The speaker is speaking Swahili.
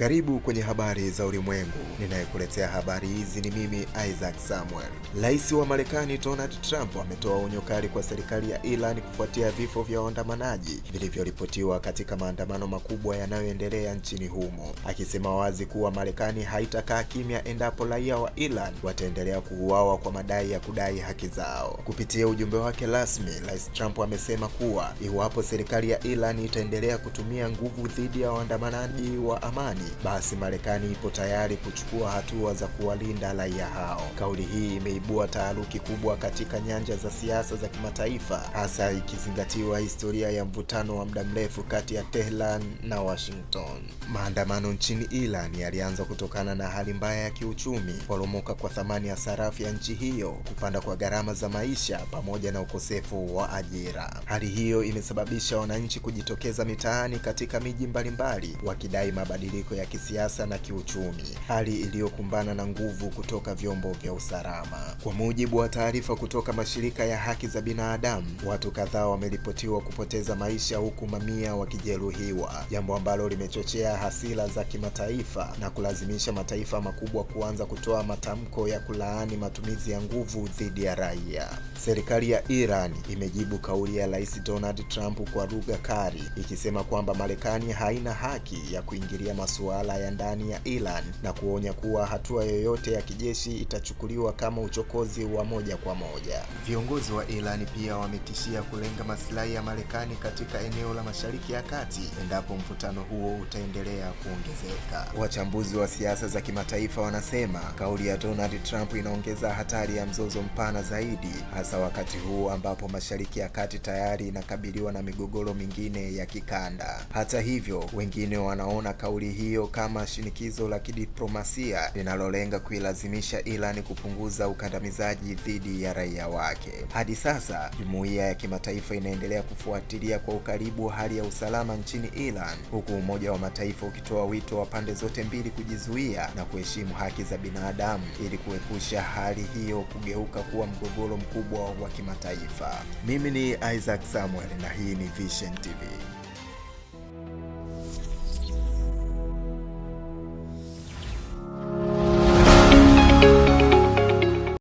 Karibu kwenye habari za ulimwengu. Ninayekuletea habari hizi ni mimi Isaac Samuel. Rais wa Marekani Donald Trump ametoa onyo kali kwa serikali ya Iran kufuatia vifo vya waandamanaji vilivyoripotiwa katika maandamano makubwa yanayoendelea nchini humo, akisema wazi kuwa Marekani haitakaa kimya endapo raia wa Iran wataendelea kuuawa kwa madai ya kudai haki zao. Kupitia ujumbe wake rasmi, Rais Trump amesema kuwa iwapo serikali ya Iran itaendelea kutumia nguvu dhidi ya waandamanaji wa amani basi Marekani ipo tayari kuchukua hatua za kuwalinda raia hao. Kauli hii imeibua taharuki kubwa katika nyanja za siasa za kimataifa, hasa ikizingatiwa historia ya mvutano wa muda mrefu kati ya Tehran na Washington. Maandamano nchini Iran yalianza kutokana na hali mbaya ya kiuchumi, kuporomoka kwa thamani ya sarafu ya nchi hiyo, kupanda kwa gharama za maisha, pamoja na ukosefu wa ajira. Hali hiyo imesababisha wananchi kujitokeza mitaani katika miji mbalimbali wakidai mabadiliko ya kisiasa na kiuchumi, hali iliyokumbana na nguvu kutoka vyombo vya usalama. Kwa mujibu wa taarifa kutoka mashirika ya haki za binadamu, watu kadhaa wameripotiwa kupoteza maisha huku mamia wakijeruhiwa, jambo ambalo limechochea hasira za kimataifa na kulazimisha mataifa makubwa kuanza kutoa matamko ya kulaani matumizi ya nguvu dhidi ya raia. Serikali ya Iran imejibu kauli ya Rais Donald Trump kwa lugha kali, ikisema kwamba Marekani haina haki ya kuingilia masuala masuala ya ndani ya Iran na kuonya kuwa hatua yoyote ya kijeshi itachukuliwa kama uchokozi wa moja kwa moja. Viongozi wa Iran pia wametishia kulenga masilahi ya Marekani katika eneo la Mashariki ya Kati endapo mvutano huo utaendelea kuongezeka. Wachambuzi wa siasa za kimataifa wanasema kauli ya Donald Trump inaongeza hatari ya mzozo mpana zaidi, hasa wakati huu ambapo Mashariki ya Kati tayari inakabiliwa na migogoro mingine ya kikanda. Hata hivyo, wengine wanaona kauli hii hiyo kama shinikizo la kidiplomasia linalolenga kuilazimisha Iran kupunguza ukandamizaji dhidi ya raia wake. Hadi sasa, jumuiya ya kimataifa inaendelea kufuatilia kwa ukaribu hali ya usalama nchini Iran, huku Umoja wa Mataifa ukitoa wito wa pande zote mbili kujizuia na kuheshimu haki za binadamu ili kuepusha hali hiyo kugeuka kuwa mgogoro mkubwa wa kimataifa. Mimi ni Isaac Samuel na hii ni Vision TV.